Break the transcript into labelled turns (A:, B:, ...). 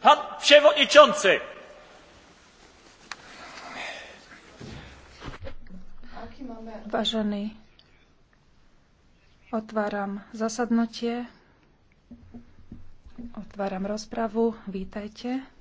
A: Pan przewodniczący!
B: Vážený, otváram zasadnutie, otváram rozpravu, vítajte.